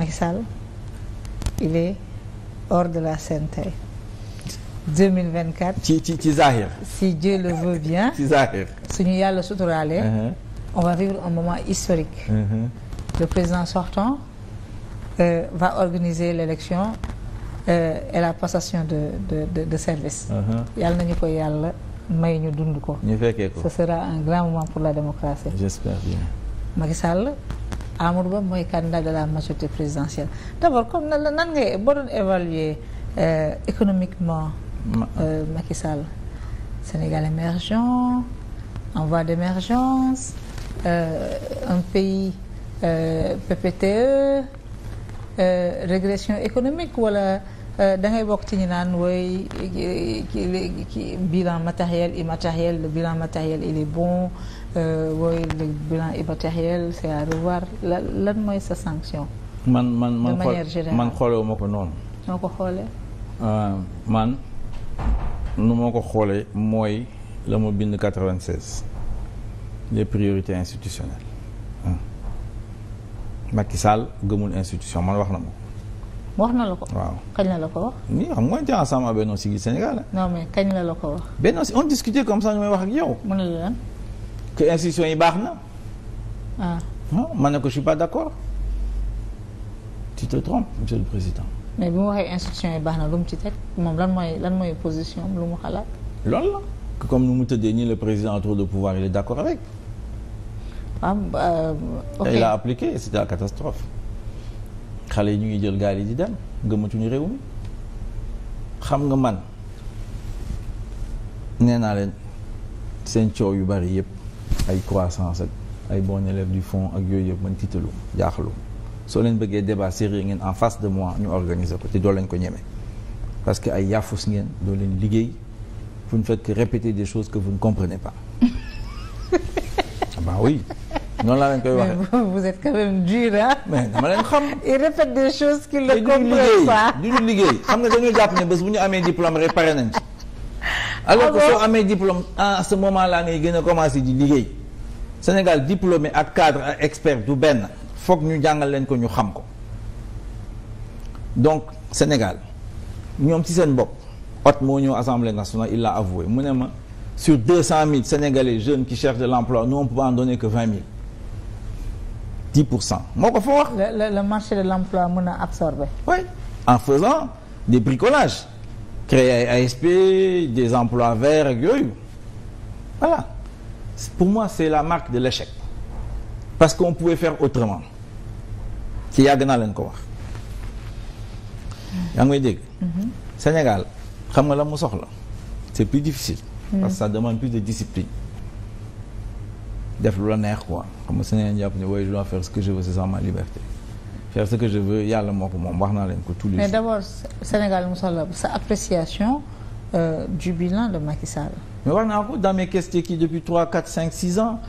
Macky Sall il est hors de la scène tey ci ci ci Zahir. si Dieu le veut bien. ci Zahir. suñu yàlla suturaalee. Uh-huh. on va vivre un moment historique. Uh-huh. le président sortant euh, va organiser l'élection euh, la passation de de de, de service. Uh-huh. yàlla nañu ko yàlla may ñu dund ko. ñu ko ce sera un grand moment pour la démocratie. j'espère Amadou Ba mooy candidat de la majorité présidentielle d'abord comme nan la nan ngay boo doon évaluer euh, économiquement. Euh, Macky Sall Sénégal émergent en voie PPTE euh, euh, e, régression économique wala da ngay bokk ci ñu naan wooy bilan matériel immatériel le bilan matériel il est bon. Euh, wooy le bilan immatériel c'est à revoir la lan mooy sa sanction. man man man de manière man xoolewu ma ko noonu. noo ko xoole euh, man nu moo ko xoolee mooy la mu bind 96 les priorités institutionnelles. Macky Sall gëmul institution man wax na ma ko. wax na la ko. waaw kañ la la ko wax. nii xam nga te ensemble à Benno Siggil Sénégal. non mais kañ la la ko wax. Benno si on discutait comme ça ñu may wax ak yow. mën na la que institution yi baax na. ah, ah man ne ko je suis pas d'accord te trompes monsieur le président. mais bi mu waxee institution yi baax na lu mu ci teg moom lan mooy lan mooy position lu mu xalaat. loolu la que comme nu mu tëddee nii le président a trop de pouvoir il est d'accord avec. ah euh, ok et il a appliqué c'était la catastrophe. xale yi ñu ngi jël gaal yi di dem gëmatuñu réew xam nga man nee naa leen seen coow yu bari yépp ay croissance ak ay bon élève du fond ak yooyu yëpp man tiitalu jaaxalu soo leen bëggee débat sérieux ngeen en face de moi ñu organiser ko te doo leen ko ñeme parce que ay yaafus ngeen doo leen liggéey vous ne faites que répéter des choses que vous ne comprenez pas bah oui noonu laa leen koy waxee ma vous êtes quand même dur mais dama leen xam. du liggéey xam nga dañoo jàpp ne bés bu ñu amee diplôme rek nañ ci. alors que ah soo amee diplôme en ce moment là ngay gën a commencé di liggéey. Sénégal diplômé ak cadre ak expert du benn foog ñu jàngal leen ko ñu xam ko donc Sénégal ñoom ci seen bopp ot moo ñëw assemblée nationale il l'a avoué mu ne ma sur deux cent mille sénégalais jeunes qui cherchent de l'emploi nous on peut en donner que vingt mille dix pour cent moo ko fa wax. le le marché de l'emploi mën a absorber. oui en faisant des bricolages créer ay ASP des emplois verts ak yooyu pour moi c'est la marque de l'échec parce qu'on pouvait faire autrement ci yàgg naa leen ko wax yaa ngi may mhm. Sénégal xam nga la mu soxla c'est plus difficile mm. parce que ça demande plus de discipline def lu la neex quoi xam nga Sénégal jàpp ne waaye je dois faire ce que je veux c'est ça ma liberté faire ce que je veux yàlla moo ko moom wax naa leen ko tous les jours mais d'abord Sénégal mu soxla sa appréciation euh, du bilan de Macky Sall. mais wax naa ko dans mes questions qui depuis 3 4 5 6 ans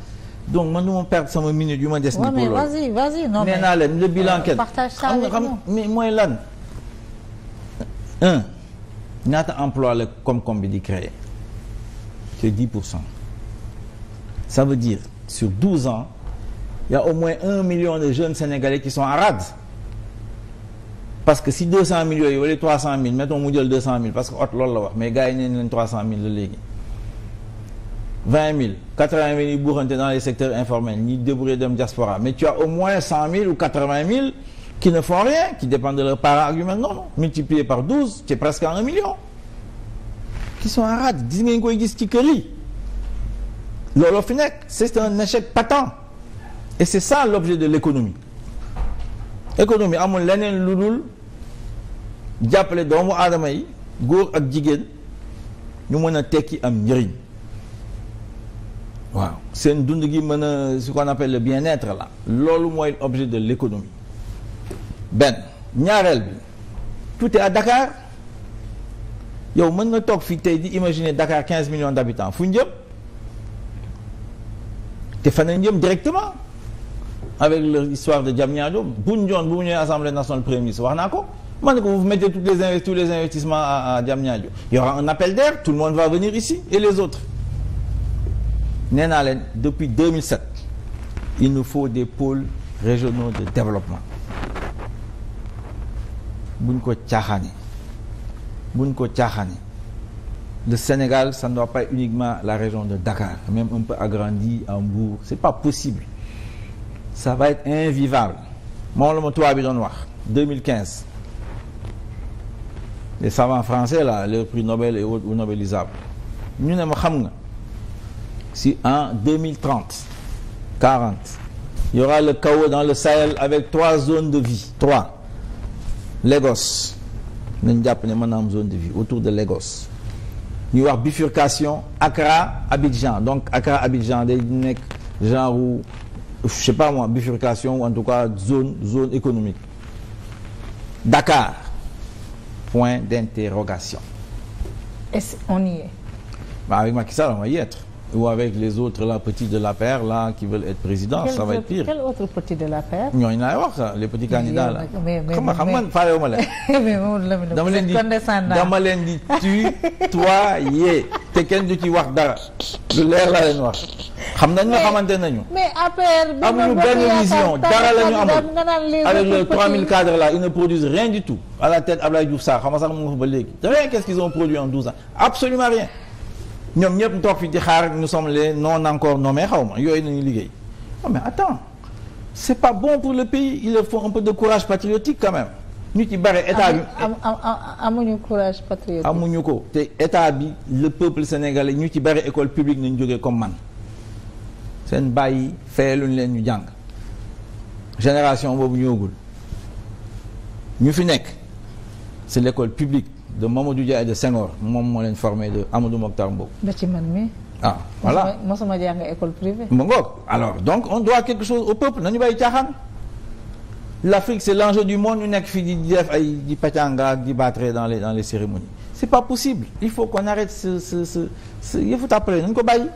man du ma perdre sama minute yu ma des. waaw mais vas-y vas-y non mais le bilan euh, kenn. partage ça avec xam mais mooy lan. un ñaata emploi la koom-koom bi di créer c'est 10 pour cent ça veut dire ans y a au moins un million de jeunes sénégalais qui sont en parce que si 200000 yooyu wala 300000 mettons mu jël 200000 parce que ot loolu la wax mais gars yi neen leen 300000 la léegi. 20000 80000 yi buuxante dans les secteurs informels ñi débrouillé dem diaspora mais tu as au moins ou 80000 qui ne font rien qui dépendent de leurs parents ak yu mel par 12 c'est presque à 1 million. qui sont en rade gis ngeen koy gis ci kër yi looloo fi nekk c'est un échec patent et c'est ça l'objet de l'économie économie amul leneen lu dul jàppale doomu aadama yi góor ak jigéen ñu mën a tekki am njëriñ waaw seen dund gi mën a ce qu'on appelle le bien-être la loolu mooy objet de l'économie benn ñaareel bi tout est à yow mën nga toog fii tey di imaginer Dakar million millions d'habitants fu njëm te fan la njëm directement avec leur histoire de Diamniadio bu ñu joon bu mu ñëwee assemblée nationale premier ministre wax naa ko man ne ko vous mettez toutes les tous les investissements à, à Diamniadio il y aura un tout le monde va venir ici et les autres nee naa leen depuis 2007 il nous faut des pôles régionaux de développement buñ ko caaxaani buñ ko caaxaani le Sénégal ça ne doit la région de Dakar même un peu agrandi à Mbour c'est pas possible ça va être invivable moom la ma tubaab bi doon wax 2015 les savants français là le prix Nobel et autres ou nobelisables ñu ne ma xam nga si en 2030 40 il y aura le chaos dans le Sahel avec trois zones de vie trois Lagos nañ jàpp ne mën na am zone de vie autour de Lagos ñuy wax bifurcation Accra Abidjan donc Accra Abidjan day nekk genre ou je sais pas moi bifurcation ou en tout cas zone zone économique Dakar Point d'interrogation. Est-ce on y est bah Avec Macky Sall, on va Ou avec les autres, là, de la paire, là, qui veulent être président, quel ça va être pire. Quel petit de la paire Nous, il y a ça, les petits candidats, là. Mais, mais, Comment, mais, mais, mais, mais, mais, mais, mais, mais, mais, te kenn du ci wax dara lu leer laa a wax xam nañ nga xamante nañu amuñu benn vision dara la ñu amul avec les 3000 cadres là ils ne produisent rien du tout à la tête Abdoulaye Diouf Sarr xam nga sax mu nga en 12 ans absolument rien ñoom ñëpp toog fi di xaar nous sommes les non encore nommés xaw ma yooyu nañu liggéey non oh, mais attends c'est pas bon pour le pays il faut un peu de courage patriotique quand ñu ci bare état bi amuñu courage patriotique amuñu ko te état bi le peuple sénégalais ñu ci bare école publique nañ jógee comme man seen bàyyi feeluñ leen ñu jàng génération boobu ñëwagul ñu fi nekk c'est l'école publique de Mamadou Dia et de Senghor moom moo leen formé de Amadou Mokhtar Mbow ba ci man mi ah voilà jàng école privée mu alors donc on doit quelque chose au peuple nañu bàyyi caaxaan l'Afrique c'est l'enjeu du monde ñu nekk fii di def ay di pàccanga di battre dans les dans les cérémonies c'est pas possible il faut qu'on arrête ce ce ce ce yëfu tàppale nañ ko bàyyi